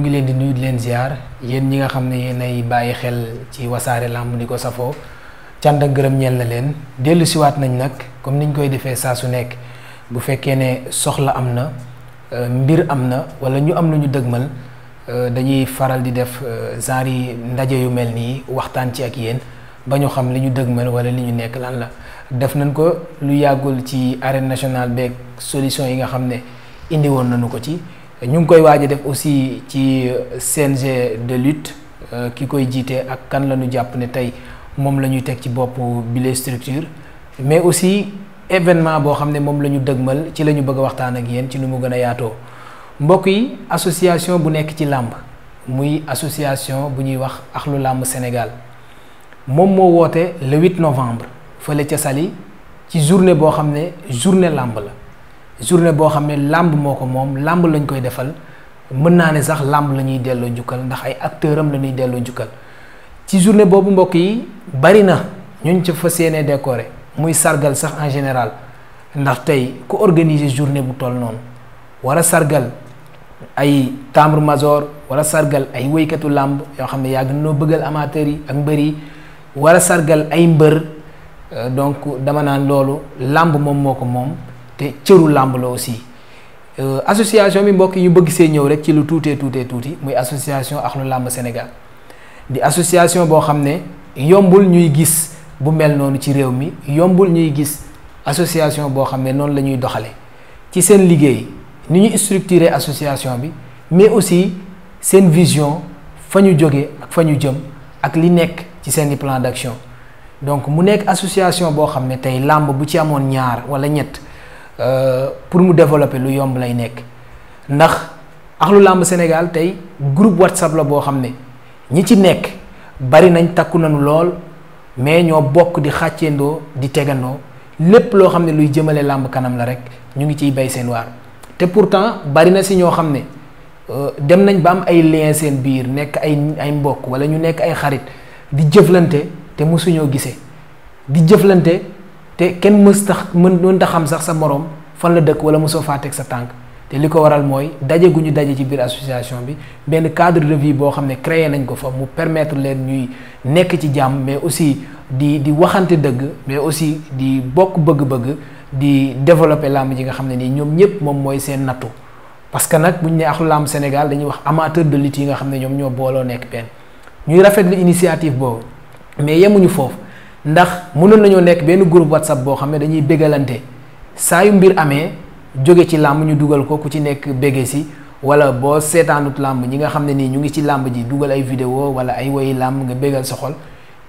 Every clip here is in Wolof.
ñu leen di nuyu di leen ziar yéen ñi nga xam ne yéenay bàyyi xel ci wasaare làmb ni ko safoo cant ak gërëm ñeel na leen dellu siwaat nañ nag comme niñ koy defee saa su nekk bu fekkee ne soxla am na euh, mbir am na wala ñu am lu ñu dëgmal euh, dañuy faral di def euh, genre yi ndaje yu mel nii waxtaan ci ak yéen ba ñu xam li ñu dëgmal wala li ñu nekk lan la def nañ ko lu yàggul ci arène nationale beeg solution yi nga xam ne indi woon nañu ko ci ñu ngi koy waaj a def aussi ci euh, CNG de lutte euh, ki koy jiite ak kan la ñu jàpp ne tey moom la ñuy teg ci bopp bile structure mais aussi événement boo xam ne moom la ñu dëgmal ci la ñu bëgg a waxtaan ak yéen ci nu mu gën a yaatoo mbokk yi association bu nekk ci làmb muy association bu ñuy wax axlu làmb Sénégal moom moo woote le 8 novembre fële ca Saly ci journée boo xam ne journée làmb la. journée boo xam ne làmb moo ko moom làmb lañu koy defal mën naa ne sax làmb la ñuy delloo jukkal ndax ay acteurs am la ñuy delloo njukkal ci journée boobu mbokk yi bari na ñuñ ca fas yéene décoré muy sargal sax en général ndax tey ku organiser journée bu toll noonu war sargal ay tambour major war sargal ay wéykatu làmb yoo xam ne yàgg noo bëggal amateurs yi ak mbër yi war sargal ay mbër euh, donc dama naan loolu làmb moom moo ko moom te cëru làmb la aussi euh, association bi mbokk ñu bëgg see ñëw rek ci lu tuutee tuutee tuuti muy association Ahlou Làmb Sénégal di association boo xam ne yombul ñuy gis bu mel noonu ci réew mi yombul ñuy gis association boo xam ne noonu la ñuy doxale ci seen liggéey ni ñu structuré association bi mais aussi seen vision fa ñu jóge ak fa ñu jëm ak li nekk ci seen seeni plan d'action donc mu nekk association boo xam ne tey làmb bu ci amoon ñaar walla ñett Euh, pour mu développer lu yomb lay nekk ndax axlu làmb Sénégal tey groupe WhatsApp la boo xam ne ñi ci nekk bari nañ takku nañu lool mais ñoo bokk di xàcceendoo di tegandoo lépp loo xam ne luy jëmale làmb kanam la rek ñu ngi ciy bay seen waar te pourtant bari na si ñoo xam ne euh, dem nañ ba am ay lien seen biir nekk ay ay mbokk wala ñu nekk ay xarit di jëflante te mosuñoo gisee di jëflante te kenn mës tax mën mënta xam sax sa morom fan la dëkk wala mosoo faa teg sa tànk te li ko waral mooy daje gu ñu daje ci biir association bi benn cadre de vie boo xam ne créé nañ ko fa mu permettre leen ñuy nekk ci jàmm mais aussi di di waxante dëgg mais aussi di bokk bëgg-bëgg di développer làmb ji nga xam ne nii ñoom ñëpp moom mooy seen nattu parce que nag bu ñu nee axlu làmb Sénégal dañuy wax amateur de lutte yi nga xam ne ñoom ñoo booloo nekk benn ñuy rafetlu initiative boobu mais yemuñu foofu. ndax mënoon nañoo nekk benn groupe whatsapp boo xam ne dañuy bégalante saa yu mbir amee jóge ci làmb ñu dugal ko ku ci nekk bége si wala boo seetaanut làmb ñi nga xam ne nii ñu ngi ci làmb ji dugal ay vidéo wala ay woyi làmb nga bégal sa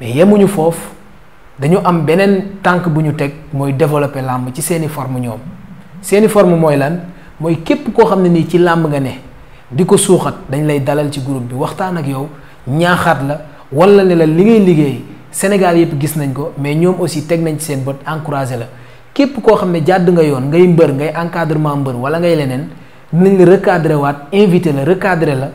mais yemuñu foofu dañu am beneen tànk bu ñu teg mooy développer làmb ci seeni forme ñoom seeni forme mooy lan mooy képp koo xam ne nii ci làmb nga ne di ko suuxat dañ lay dalal ci groupe bi waxtaan ak yow ñaaxaat la wala li ngay liggéey Sénégal yëpp gis nañ ko mais ñoom aussi teg nañ ci seen bët encouragé la képp koo xam ne jàdd nga yoon ngay mbër ngay encadrement mbër wala ngay leneen dinañ la recadré waat invité la recadré la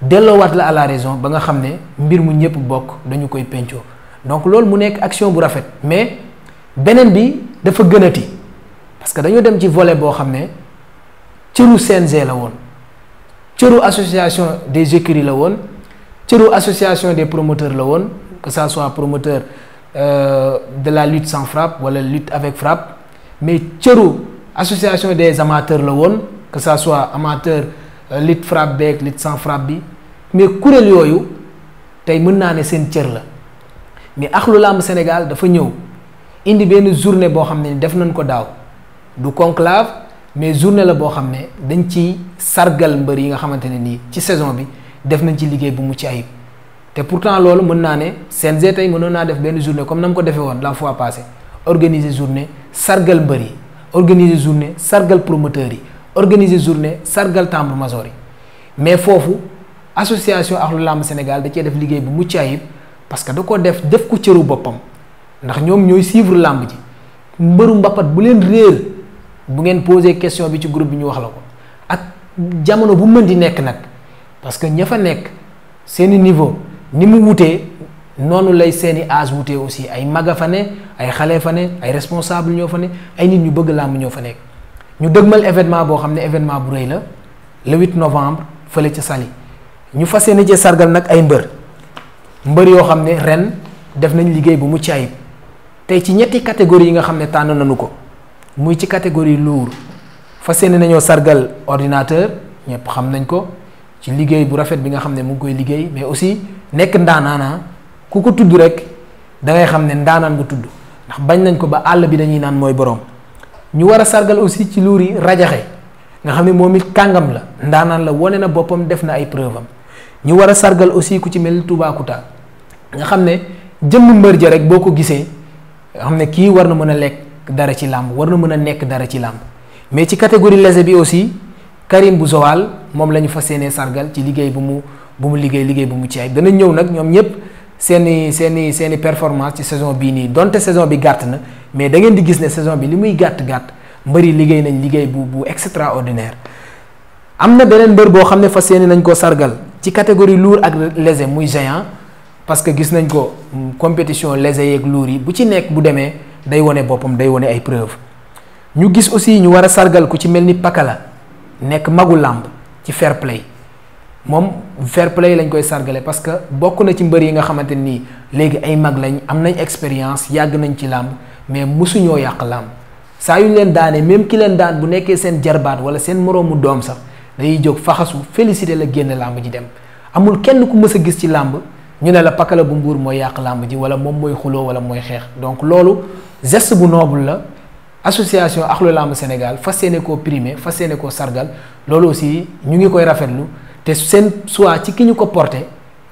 delloowaat la à la raison ba nga xam ne mbir mu ñëpp bokk dañu koy pencoo donc loolu mu nekk action bu rafet mais beneen bi dafa gënati parce que dañoo dem ci volet boo xam ne cëru CNG la woon cëru association des écuries la woon cëru association des promoteurs la woon que ça soit promoteur euh, de la lutte sans frappe wala lutte avec frappe mais cëru association des amateurs la woon que ça soit amateur euh, lutte frappe beeg lutte sans frappe bi mais kuréel yooyu tey mën naa ne seen cër la mais Ahlou Lamb Sénégal dafa ñëw indi benn journée boo xam ne def nañ ko daaw du conclave mais journée la boo xam ne dañ ci sargal mbër yi nga xamante ne nii ci saison bi def nañ ci liggéey bu mucc ayib te pourtant loolu mën naa ne CNG tey mënoon naa def benn journée comme na mu ko defee woon la fois passée organiser journée sargal mbër yi organiser journée sargal promoteurs yi organiser journée sargal tambour major yi mais foofu association Ahlou Lamb Sénégal da cee def liggéey bu mucc ayib parce que da ko def def ko cëru boppam ndax ñoom ñooy suivre làmb ji mbëru mbapat bu leen réer bu ngeen posé question bi ci groupe bi ñu wax la ko ak jamono bu mën di nekk nag parce que ña fa nekk seeni niveau. ni mu wutee noonu lay seeni âge wutee aussi ay maga fa ne ay xale fa ne ay responsable ñoo fa ne ay nit ñu bëgg làmb ñoo fa nekk ñu dëgmal événement boo xam ne événement bu rëy la le 8 novembre fële ca Saly ñu fas yéene ci sargal nag ay mbër mbër yoo xam ne ren def nañ liggéey bu mucc ayib tey ci ñetti catégorie yi nga xam ne tànn nañu ko muy ci catégorie lourd fas yéene nañoo sargal ordinateur ñëpp xam nañ ko ci liggéey bu rafet bi nga xam ne mu ngi koy liggéey mais aussi nekk ndaanaana ku ko tudd rek dangay xam ne ndaanaan bu tudd ndax bañ nañ ko ba àll bi dañuy naan mooy boroom ñu war a sargal aussi ci luuri rajaxe nga xam ne moom it kàngam la ndaanaan la wane na boppam def na ay preuve am ñu war a sargal aussi ku ci mel Toubacouta nga xam ne jëmm mbër ja rek boo ko gisee nga xam ne kii war na mën a lekk dara ci làmb war na mën a nekk dara ci làmb mais ci catégorie lese bi aussi Karim bu Joal moom la ñu fas yéenee sargal ci liggéey bu mu bu mu liggéey liggéey bu mu ci ay dana ñëw nag ñoom ñëpp seeni seeni seeni performance ci saison bii nii donte saison bi gàtt na mais da ngeen di gis ne saison bi li muy gàtt gàtt mbëri liggéey nañ liggéey bu bu ordinaire am na beneen mbër boo xam ne fas yéene nañ ko sargal ci catégorie lourd ak léger muy géant parce que gis nañ ko mm, compétition léger yeeg lourd yi bu ci nekk bu demee day wone boppam day wone ay preuve ñu gis aussi ñu war a sargal ku ci mel ni Pakala nekk magu làmb ci fair play moom fair play lañ koy sargale parce que bokk na ci mbër yi nga xamante nii léegi ay mag lañ am nañ expérience yàgg nañ ci làmb mais mosuñoo yàq làmb saa yu leen daanee même ki leen daan bu nekkee seen jarbaat wala seen moroomu doom sax day jóg faxasu félicité la génn làmb ji dem amul kenn ku mës a gis ci làmb ñu ne la pakala bu mbuur mooy yàq làmb ji wala moom mooy xuloo wala mooy xeex donc loolu geste bu noble la association Akhlu Lamb Sénégal fas yéene koo primé fas yéene koo sargal loolu aussi ñu ngi koy rafetlu te seen choix ci ki ñu ko porté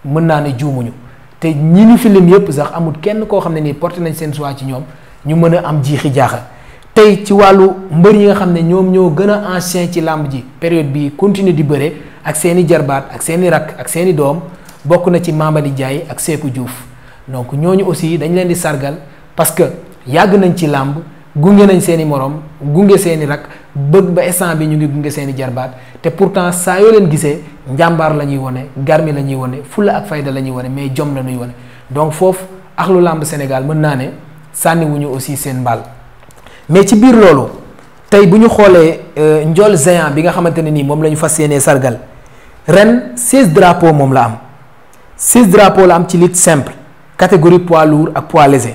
mën naa ne juumuñu te ñi ñu filim yëpp sax amul kenn koo xam ne nii porté nañ seen choix ci ñoom ñu mën a am jiixi jaaxa tey ci wàllu mbër ñi nga xam ne ñoom ñoo gën a ancien ci làmb ji période bi continue di bëre ak seeni jarbaat ak seeni rakk ak seeni doom bokk na ci Mamadi jaay ak Seeku Diouf donc ñooñu aussi dañ leen di sargal parce que yàgg nañ ci làmb gunge nañ seeni moroom gunge seeni rak bëgg ba instant bi ñu ngi gunge seeni jarbaat te pourtant saa yoo leen gisee njàmbaar la ñuy wone garmi la ñuy wone fulla ak fayda la ñuy wone mais jom la ñuy wone donc foofu axlu làmb Sénégal mën naa ne sànniwuñu aussi seen mbaal mais ci biir loolu tey bu ñu xoolee euh, njool géant bi nga xamante ne nii moom la ñu fas yéenee sargal ren 16 drapeaux moom la am 16 drapeaux la am ci lutte simple catégorie poids lourd ak poids léger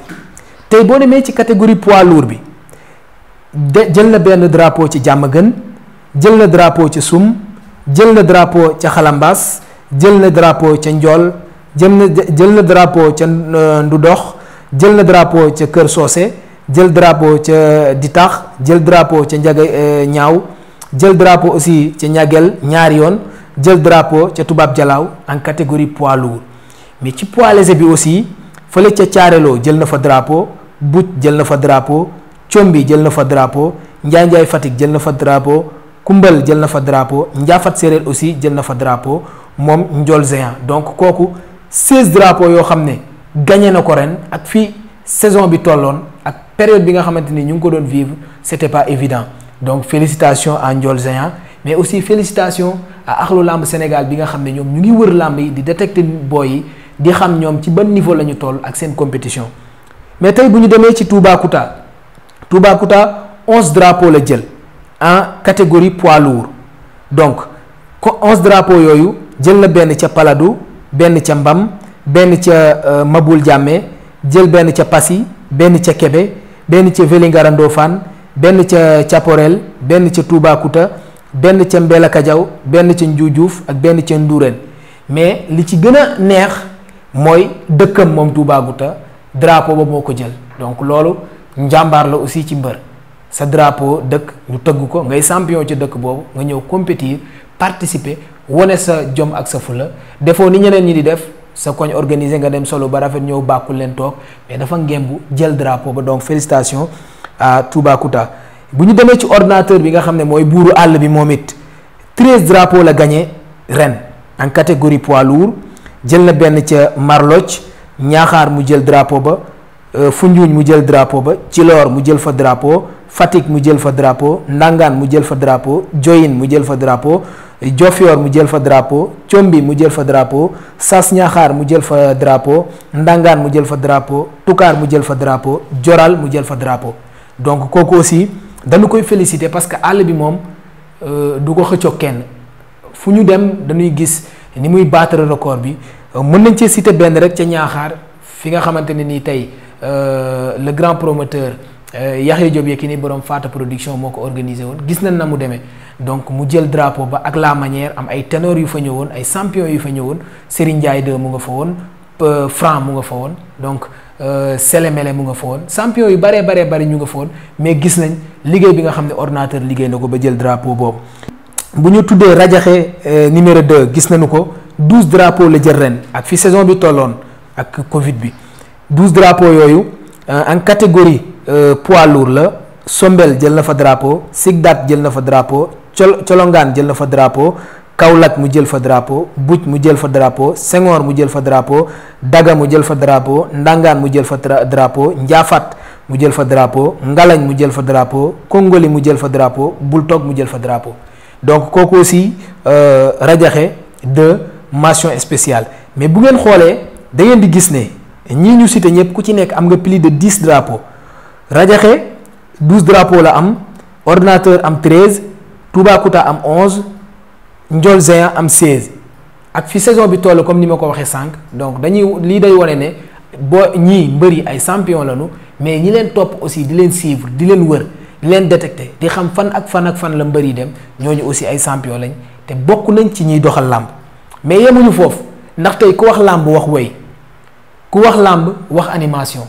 tey demee ci catégorie poids lourd bi de jël na benn drapo ci jàmm gën jël na drapo ci sum jël na drapo ca xalambaas jël na drapo ca njool jël na jël na drapeau ca euh, ndudox jël na drapo ca kër soose jël drapo ca ditax jël drapo ca njaga euh, ñaaw jël drapeau aussi ca ñagel ñaari yoon jël drapeau ca tubaab jalaaw en catégorie poids lourd mais ci poids bi aussi fële ca caareloo jël na fa drapo buj jël na fa drapo Combi jël na fa drapeau Njaay Njaay Fatick jël na fa drapeau Kumbal jël na fa drapeau Njaafat Séeréer aussi jël na fa drapeau moom Ndiol Géant donc kooku 16 drapeaux yoo xam ne gagné na ko ren ak fii saison bi tolloon ak période bi nga xamante ni ñu ngi ko doon vivre c'était pas évident donc félicitations à Ndiol Géant mais aussi félicitations à Axlu Lamb Sénégal bi nga xam ne ñoom ñu ngi wër làmb yi di détecter booy yi di xam ñoom ci ban niveau la ñu toll ak compétition mais Toubacouta onze drapeaux la jël en catégorie poids lourd donc ko onze drapeaux yooyu jël na benn ca Paladou benn ca Mbam benn ca euh, Maboul jàmme jël benn ca pasi benn ca kebe benn ca Vélingara benn ca Caporel benn ca Toubacouta benn ca Mbelakadiaw benn ca Njuujuuf ak benn ca Ndourène mais li ci gën a neex mooy dëkkam moom Toubacouta drapeau ba moo ko jël donc loolu njàmbaar la aussi ci mbër sa drapeau dëkk ñu tëgg ko ngay champion ca dëkk boobu nga ñëw compétir participer wane sa jom ak sa fula defoo ni ñeneen ñi di def sa koñ organiser nga dem solo ba rafet ñëw bàkkul leen toog mais dafa ngembu jël drapeau ba donc félicitations à Toubacouta bu ñu demee ci ordinateur bi nga xam ne mooy buuru àll bi moom it treize drapeaux la gañe ren en catégorie poids jël na benn ca Marloch ñaaxaar mu jël drapo ba. Foundiougne mu jël drapeau ba Djilor mu jël fa drapeau Fatick mu jël fa drapo Ndangaan mu jël fa drapeau Diohine mu jël fa drapeau Diofior mu jël fa drapeau Combi mu jël fa drapeau Sass Ñaxaar mu jël fa drapo Ndangaan mu jël fa drapo Toucar mu jël fa drapeau Joral mu jël fa drapo donc kooku aussi koy féliciter parce que àll bi moom du ko xëccoog kenn fu ñu dem dañuy gis ni muy battre record bi mën nañ cee citer benn rek ca Ñaxaar fi nga xamante ne nii tey. Euh, le grand promoteur euh, Yaxya Diop ni borom Faata production moo ko organisé woon gis nañ na mu demee donc mu jël drapeau ba ak la manière am ay ténor yu fa ñëwoon ay champion yu fa ñëwoon Serigne Ndiaye de mu nga fa woon Franc mu nga fa woon donc euh, Selemele mu nga fa woon champion yu baree baree bari ñu nga fa woon mais gis nañ liggéey bi nga xam ne ordinateur liggéey na ko ba jël drapeau boobu. bu ñu tuddee rajaxe numéro 2 gis nañu ko douze drapeaux la jël ren ak fi saison bi tolloon ak Covid bi. douze drapeaux yooyu en catégorie poids lour la Sombel jël na fa drapo Sigdat jël na fa drapo Col Colongaan jël na fa drapo Kaolack mu jël fa drapo Buj mu jël fa drapo Senghor mu jël fa drapeau dagga mu jël fa drapeau Ndangaan mu jël fa drapeau Njaafat mu jël fa drapo Ngalañ mu jël fa drapo Kongoli mu jël fa drapeau Bultog mu jël fa drapeau donc kooku aussi Radiakhé de mention spéciale mais bu ngeen xoolee da ngeen di gis ne. ñii ñu cité ñëpp ku ci nekk am nga plus de dix drapeaux Radiakhé douze drapeaux la am ordinateur am treize Toubacouta am onze Ndiol Géant am seize ak fi saison bi toll comme ni ma ko waxee sànq donc dañuy lii day wane ne boo ñii mbëri ay champion lañu mais ñi leen topp aussi di leen suivre di leen wër di leen détecter di xam fan ak fan ak fan la mbëri dem ñooñu aussi ay champion lañ te bokk nañ ci ñiy doxal làmb mais yemuñu foofu ndax tey ku wax làmb wax woy ku wax làmb wax animation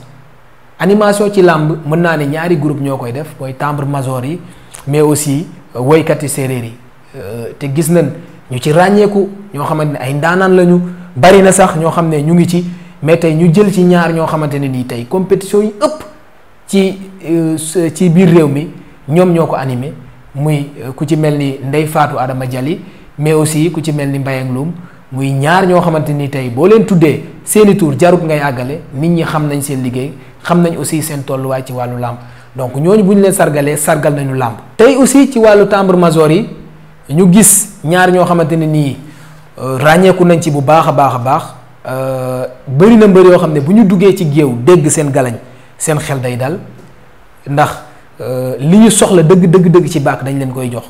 animation ci làmb mën naa ne ñaari groupe ñoo koy def mooy timbre major yi mais aussi euh, woykat séeréer yi euh, te gis nañ ñu ci ràññeeku ñoo xamante ne ay ndaanaan lañu bari na sax ñoo xam ne ñu ngi ci mais tey ñu jël ci ñaar ñoo xamante ne nii tey compétition yi ëpp ci euh, ci biir réew mi ñoom ñoo ko anime muy ku ci mel ni ndey faatu Adama Dialy mais aussi ku ci mel ni Mbayang Loum muy ñaar ñoo xamante ni tey boo leen tuddee seeni tur jarut ngay àggale nit ñi xam nañ seen liggéey xam nañ aussi seen tolluwaay ci wàllu làmb donc ñooñu bu ñu leen sargalee sargal nañu làmb tey aussi ci wàllu timbre major yi ñu gis ñaar ñoo xamante ne nii euh, ràññeeku nañ ci bu baax a baax a baax euh, bëri na mbër yoo xam ne bu ñu duggee ci géew dégg seen galañ seen xel day dal ndax euh, li ñu soxla dëgg dëgg dëgg ci baax dañ leen koy jox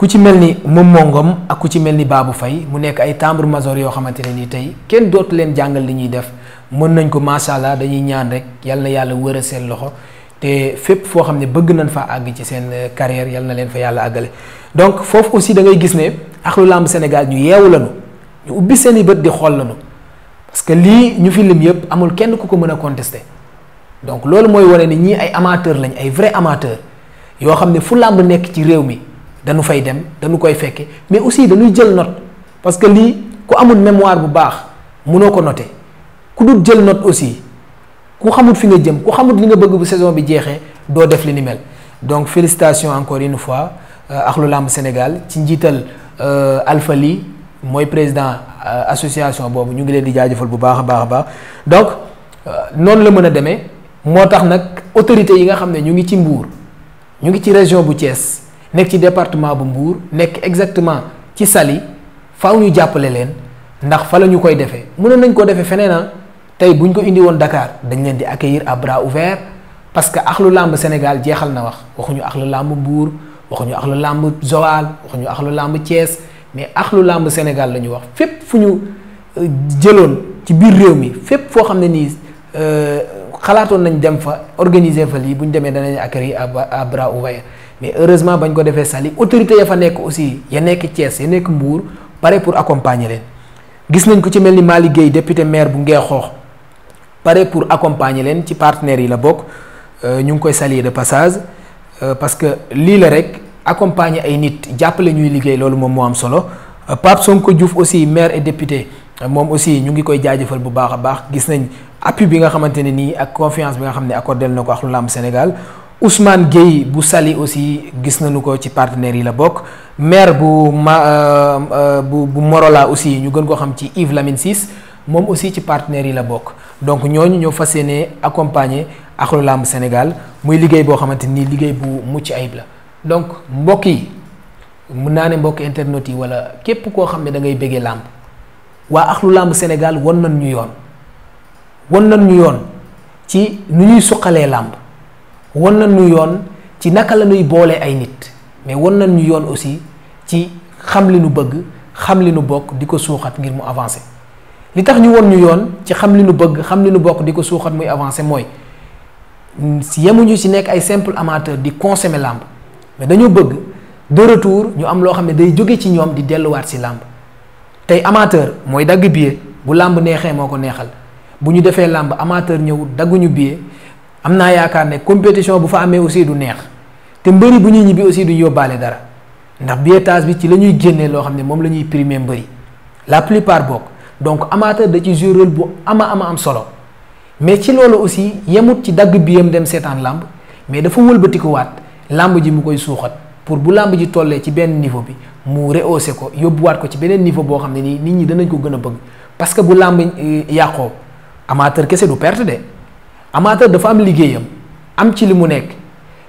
ku ci mel ni moom mongom ak ku ci mel ni baa bu fay mu nekk ay timbre major yoo xamante ne ni tey kenn dootu leen jàngal li ñuy def mën nañ ko macha allah dañuy ñaan rek yal na yàlla wëral seen loxo te fépp foo xam ne bëgg nañ fa àgg ci seen euh, carrière yal na leen fa yàlla àggale donc foofu aussi da ngay gis ne axlu làmb Sénégal ñu yeewu lañu ñu ubbi seen i bët di xool lañu parce que lii ñu fi lim yëpp amul kenn ku ko mën a contester donc loolu mooy waree ne ñii ay amateur lañ ay vrai amateur yoo xam ne fu làmb nekk ci réew mi danu fay dem dañu koy fekke mais aussi dañuy jël note parce que lii ku amul mémoire bu baax munoo ko noter ku dul jël note aussi ku xamul fi nga jëm ku xamul li nga bëgg bu saison bi jeexee doo def li ni mel donc félicitations encore une fois euh, Akhlu Lamb Sénégal ci njiital euh, Alpha Ly mooy président euh, association boobu ñu ngi leen di jaajëfal bu baax a baax a baax donc noonu la mën a demee moo tax nag autorités yi nga xam ne ñu ngi ci Mbour ñu ngi ci région bu Thiès. nekk ci département bu mbuur nekk exactement ci sali faw ñu jàppale leen ndax fa la ñu koy defee mënoon nañ ko defee feneen ah tey bu ko indi woon Dakar dañ leen di accueillir à bras ouverts parce que axlu làmb Sénégal jeexal na wax waxuñu axlu làmb Mbour waxuñu axlu làmb Joal waxuñu axlu làmb Thiès mais axlu làmb Sénégal la ñu wax fépp fu ñu euh, jëloon ci biir réew mi fépp foo xam ne nii euh, xalaatoon nañ dem fa organiser fa lii bu ñu demee danañ accueillir à bras ouverts mais heureusement bañ ko defee sali autorité ya fa nekk aussi ya nekk Thiès ya nekk Mbour pare pour accompagner leen gis nañ ko ci mel ni maa Gueye député maire bu Ngeexoox pare pour accompagner leen ci partenaires yi la bokk euh, ñu ngi koy saluer de passage euh, parce que lii la rek accompagner ay nit jàppale ñuy liggéey loolu moom moo am solo euh, Pape ko Diouf aussi maire et député moom aussi ñu ngi koy jaajëfal bu baax a baax gis nañ appui bi nga xamante ne nii ak confiance bi nga xam ne accordé na ko ak Sénégal Ousmane Gueye bu Saly aussi gis nañu ko ci partenaires yi la bokk maire bu ma euh, euh, bu bu Morola aussi ñu gën koo xam ci Yves Lamine Ciss moom aussi ci partenaires yi la bokk donc ñooñu ñoo fas yéene accompagner Ahlou làmb Sénégal muy liggéey boo xamante ni liggéey bu mucc ayib la donc mbokk yi mun naa ne mbokk internet yi wala képp koo xam ne da ngay bëggee làmb waa Ahlou Lamb Sénégal won nan ñu yoon won nañ ñu yoon ci nu ñuy suqalee làmb wan na nu yoon ci naka la ñuy boolee ay nit mais wan na ñu yoon aussi ci xam li nu bëgg xam li nu bokk di ko suuxat ngir mu avancer li tax ñu won ñu yoon ci xam li nu bëgg xam li nu bokk di ko suuxat muy avancer mooy yemuñu si nekk ay simple amateur di consommer làmb mais dañoo bëgg de ñu am loo xam ne day jóge ci ñoom di delluwaat ci làmb tey amateur mooy dagg billet bu làmb neexee moo ko neexal bu ñu defee làmb amateur ñëw dagguñu billet am naa yaakaar ne compétition bu fa amee aussi du neex te mbëri bu ñuy ñibbi aussi du yóbbaale dara ndax billetage bi ci la ñuy génnee loo xam ne moom la ñuy primé mbëri la plupart bokk donc amateur da ci joué bu ama ama am solo mais ci loolu aussi yemut ci dagg biyam dem seetaan làmb mais dafa wëlbatikuwaat làmb ji mu koy suuxat pour bu làmb ji tollee ci benn niveau bi mu rehaussé ko yóbbuwaat ko ci beneen niveau boo xam ne nii nit ñi danañ ko gën a bëgg parce que bu làmb euh, yàqoo amateur kese du perte de. amateur dafa am liggéeyam am ci li mu nekk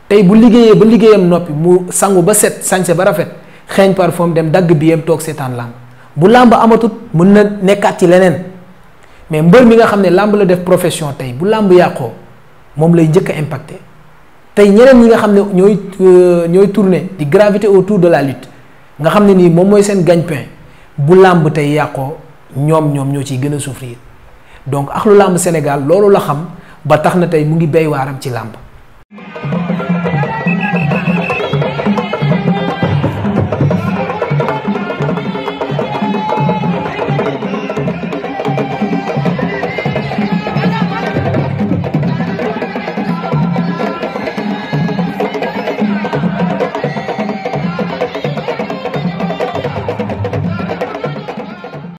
tey bu liggéeyee ba liggéeyam noppi mu sangu ba set sañse ba rafet xeeñ parfum dem dagg bi yam toog seetaan làmb bu làmb amatut mën na nekkaat ci leneen mais mbër mi nga xam ne làmb la def profession tey bu làmb yàqoo moom lay njëkk a impacté tey ñeneen ñi nga xam ne ñooy euh, ñooy tourner di gravité autour de la lutte nga xam ne nii moom mooy seen gagne-pain bu làmb tey yàqoo ñoom ñoom ñoo ciy gën a souffrir donc axlu Sénégal loolu la xam ba tax na tey mu ngi béy waaram ci làmp